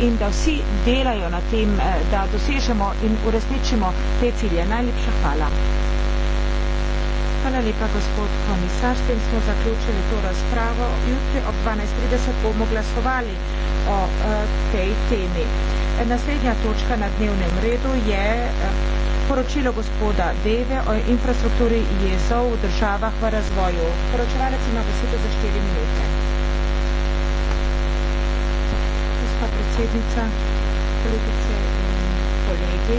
in da vsi delajo na tem, eh, da dosežemo in uresničimo te cilje. Najlepša hvala. Hvala lepa, gospod komisar. S tem smo zaključili to razpravo. Jutri ob 12.30 bomo glasovali o eh, tej temi. Naslednja točka na dnevnem redu je eh, poročilo gospoda Deve o infrastrukturi jezov v državah v razvoju. Poročevalec ima besedo za 4 minute. gospa predsednica, kolegice in kolegi.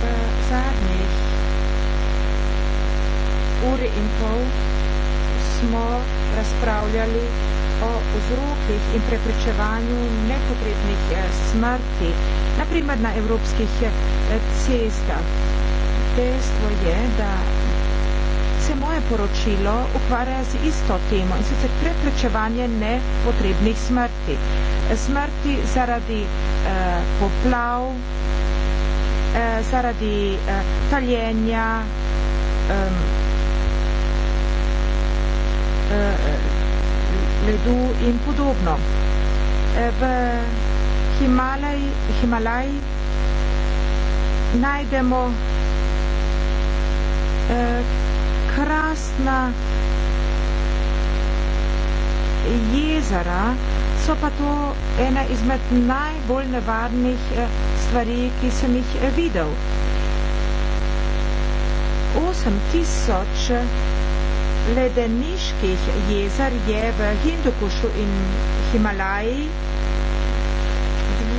V zadnjih uri in pol smo razpravljali o vzrokih in preprečevanju nepotrebnih eh, smrti, naprimer na evropskih eh, cestah. Dejstvo je, da se moje poročilo ukvarja z isto temo in sicer preprečevanje nepotrebnih smrti. Smrti zaradi eh, poplav, eh, zaradi eh, taljenja, eh, ledu in podobno. Eh, v Himalaj, Himalaj najdemo eh, krasna jezera, so pa to ena izmed najbolj nevarnih eh, stvari, ki sem jih eh, videl. 8000 eh, ledeniških jezer je v Hindukušu in Himalaji,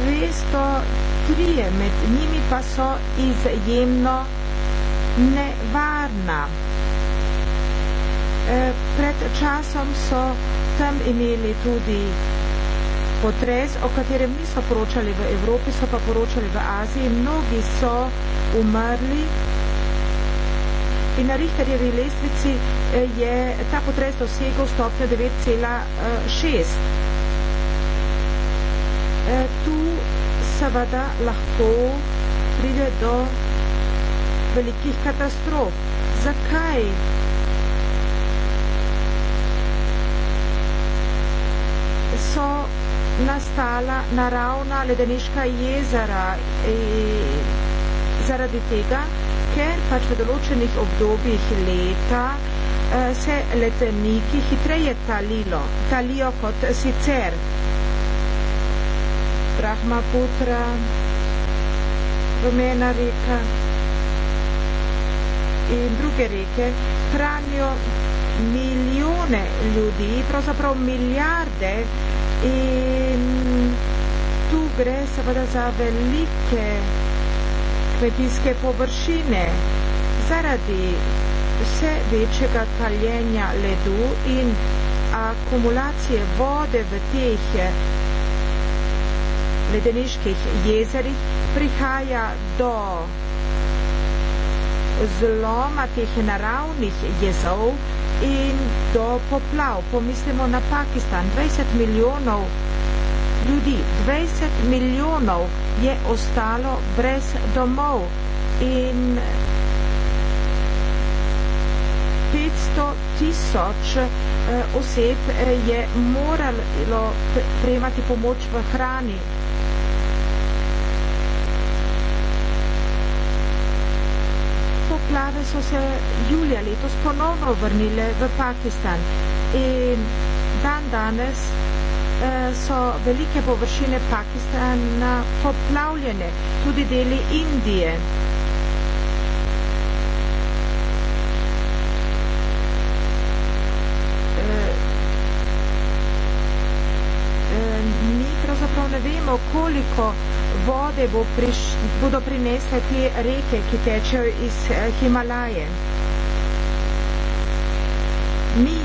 203 med njimi pa so izjemno nevarna. Eh, pred časom so tam imeli tudi potres, o katerem niso poročali v Evropi, so pa poročali v Aziji. Mnogi so umrli in na Richterjevi lestvici eh, je ta potres dosegel stopnjo 9,6. Eh, tu seveda lahko pride do velikih katastrof. Zakaj nastala naravna ledeniška jezera e, zaradi tega, ker pač v določenih obdobjih leta e, se ledeniki hitreje talilo, talijo kot sicer. Brahmaputra, rumena reka in druge reke hranijo milijone ljudi, pravzaprav milijarde ljudi, In tu gre seveda za velike kmetijske površine zaradi vse večjega taljenja ledu in akumulacije vode v teh ledeniških jezerih prihaja do zloma teh naravnih jezov, in do poplav. Pomislimo na Pakistan. 20 milijonov ljudi, 20 milijonov je ostalo brez domov in 500 tisoč eh, oseb je moralo prejemati pomoč v hrani, poplave so se julija letos ponovno vrnile v Pakistan in dan danes eh, so velike površine Pakistana poplavljene, tudi deli Indije. Eh, eh, mi pravzaprav ne vemo, koliko vode bo priš, bodo prinesle te reke, ki tečejo iz eh, Himalaje. Mi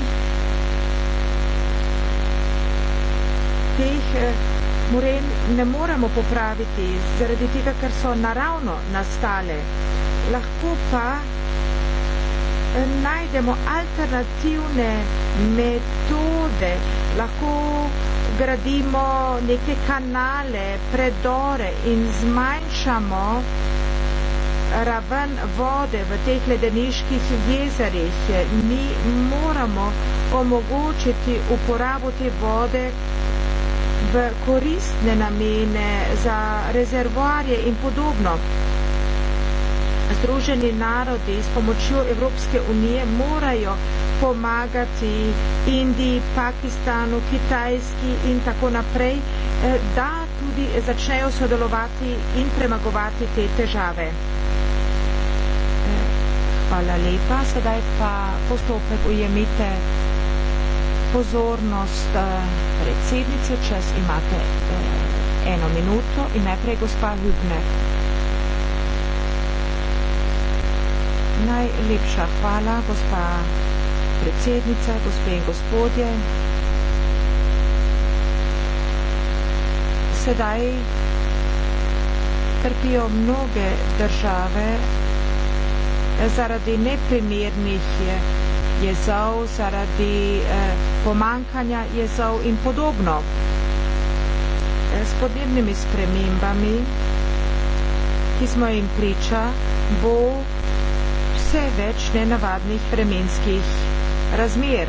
teh eh, moren ne moremo popraviti zaradi tega, ker so naravno nastale. Lahko pa eh, najdemo alternativne metode, lahko gradimo neke kanale, predore in zmanjšamo raven vode v teh ledeniških jezerih. Mi moramo omogočiti uporabo te vode v koristne namene za rezervoarje in podobno. Združeni narodi s pomočjo Evropske unije morajo pomagati Indiji, Pakistanu, Kitajski in tako naprej, eh, da tudi začnejo sodelovati in premagovati te težave. Eh, hvala lepa. Sedaj pa postopek ujemite pozornost eh, predsednice, če imate eno minuto in najprej gospa Hübner. Najlepša hvala, gospa predsednica, gospe in gospodje. Sedaj trpijo mnoge države zaradi neprimernih jezov, zaradi eh, pomankanja jezov in podobno. Eh, s podnebnimi spremembami, ki smo jim priča, bo vse več nenavadnih vremenskih razmer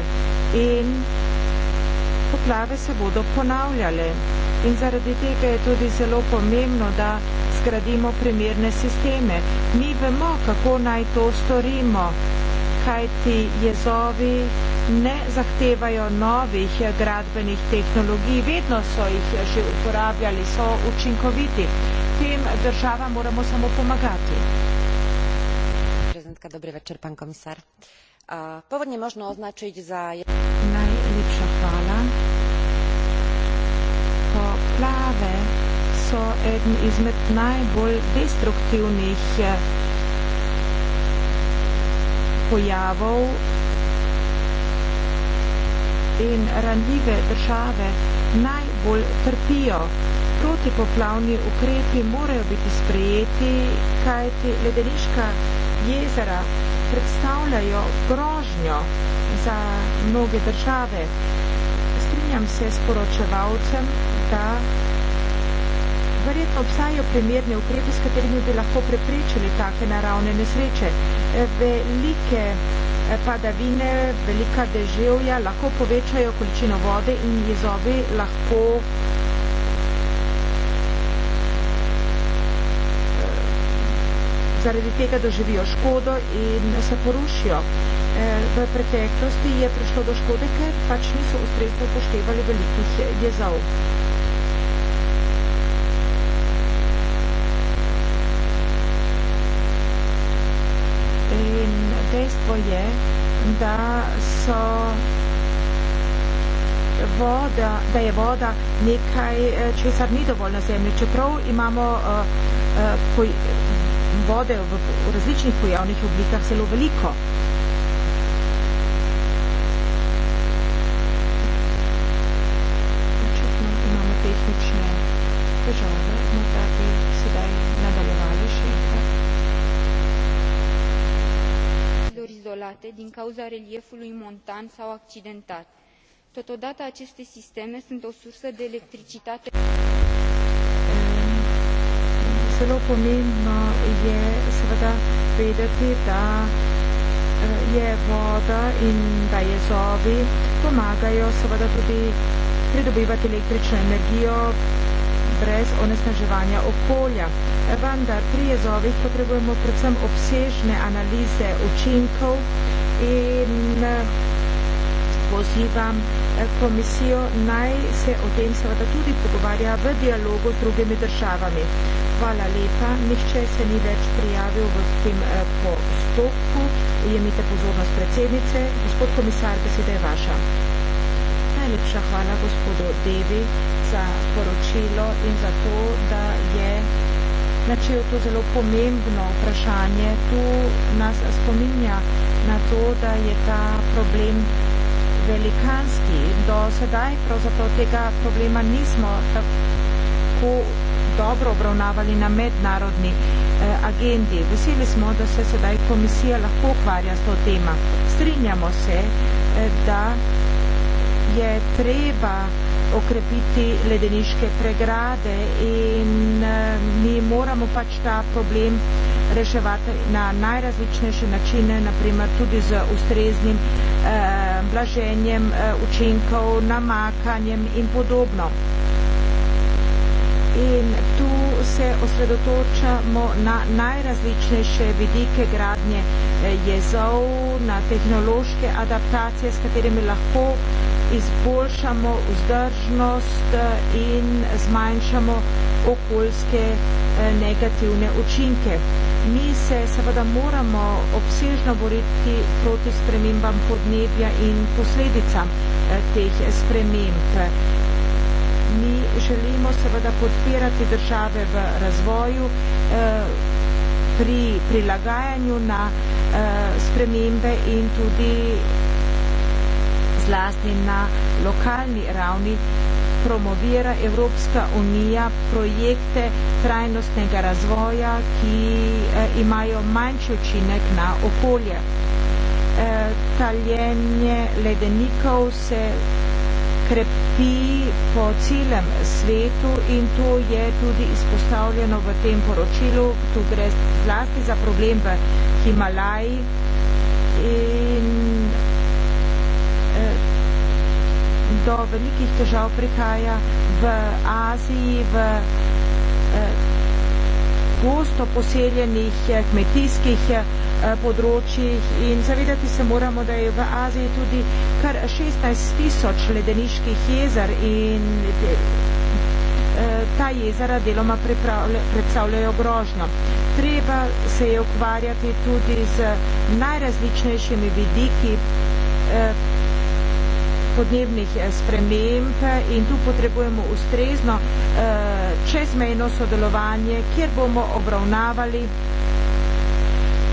in poplave se bodo ponavljale. In zaradi tega je tudi zelo pomembno, da zgradimo primerne sisteme. Mi vemo, kako naj to storimo, kajti jezovi ne zahtevajo novih gradbenih tehnologij, vedno so jih že uporabljali, so učinkoviti. Tem državam moramo samo pomagati. Prezidentka, dobri večer, pan komisar. Uh, povodne možno označiť za najlepša hvala. Poplave so eden izmed najbolj destruktivnih eh, pojavov in ranljive države najbolj trpijo. Protipoplavni ukrepi morajo biti sprejeti, kajti ledeniška jezera predstavljajo grožnjo za mnoge države. Strinjam se s poročevalcem, da verjetno obstajajo primerne ukrepe, s katerimi bi lahko preprečili take naravne nesreče. Velike eh, padavine, velika deževja lahko povečajo količino vode in jezovi lahko zaradi tega doživijo škodo in se porušijo. E, v preteklosti je prišlo do škode, ker pač niso ustrezno upoštevali velikih jezov. In dejstvo je, da so voda, da je voda nekaj, e, česar ni dovolj na zemlji. Čeprav imamo uh, uh, poj vode v različnih pojavnih oblikah zelo veliko. Očitno imamo tehnične težave, morda bi sedaj nadaljevali še enkrat. izolate din cauza reliefului montan sau accidentat. Totodată aceste sisteme sunt o sursă de electricitate zelo pomembno je seveda vedeti, da eh, je voda in da jezovi pomagajo seveda tudi pridobivati električno energijo brez onesnaževanja okolja. Vendar pri jezovih potrebujemo predvsem obsežne analize učinkov in eh, pozivam eh, komisijo naj se o tem seveda tudi pogovarja v dialogu z drugimi državami. Hvala lepa. Nihče se ni več prijavil v tem eh, postopku. Jemite pozornost predsednice. Gospod komisar, beseda je vaša. Najlepša hvala gospodu Devi za poročilo in za to, da je načel to zelo pomembno vprašanje. Tu nas spominja na to, da je ta problem velikanski. Do sedaj pravzaprav tega problema nismo tako dobro obravnavali na mednarodni eh, agendi. Veseli smo, da se sedaj komisija lahko ukvarja s to tema. Strinjamo se, eh, da je treba okrepiti ledeniške pregrade in eh, mi moramo pač ta problem reševati na najrazličnejše načine, naprimer tudi z ustreznim eh, blaženjem eh, učinkov, namakanjem in podobno in tu se osredotočamo na najrazličnejše vidike gradnje eh, jezov, na tehnološke adaptacije, s katerimi lahko izboljšamo vzdržnost eh, in zmanjšamo okoljske eh, negativne učinke. Mi se seveda moramo obsežno boriti proti spremembam podnebja in posledicam teh sprememb mi želimo seveda podpirati države v razvoju eh, pri prilagajanju na eh, spremembe in tudi zlasti na lokalni ravni promovira Evropska unija projekte trajnostnega razvoja, ki eh, imajo manjši učinek na okolje. Taljenje ledenikov se krepi po celem svetu in to je tudi izpostavljeno v tem poročilu. Tu gre zlasti za problem v Himalaji in eh, do velikih težav prihaja v Aziji, v eh, gosto poseljenih eh, kmetijskih Eh, področjih in zavedati se moramo, da je v Aziji tudi kar 16 tisoč ledeniških jezer in eh, ta jezera deloma predstavljajo grožno. Treba se je ukvarjati tudi z najrazličnejšimi vidiki eh, podnebnih sprememb in tu potrebujemo ustrezno čezmejno sodelovanje, kjer bomo obravnavali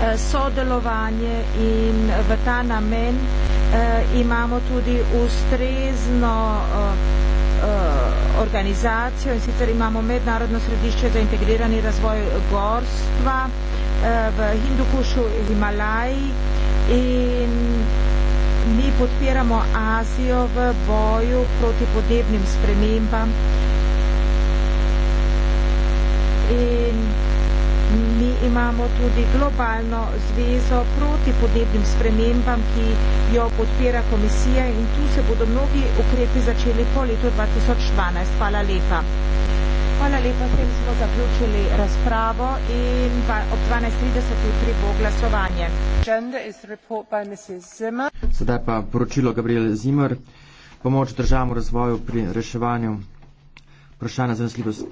Eh, sodelovanje in v ta namen eh, imamo tudi ustrezno eh, organizacijo in sicer imamo Mednarodno središče za integrirani razvoj gorstva v Hindukušu in Himalaji in mi podpiramo Azijo v boju proti podnebnim spremembam in imamo tudi globalno zvezo proti podnebnim spremembam, ki jo podpira komisija in tu se bodo mnogi ukrepi začeli po letu 2012. Hvala lepa. Hvala lepa, s tem smo zaključili razpravo in pa ob 12.30 pri bo glasovanje. Sedaj pa poročilo Gabriel Zimmer. Pomoč državam v razvoju pri reševanju vprašanja zanesljivosti.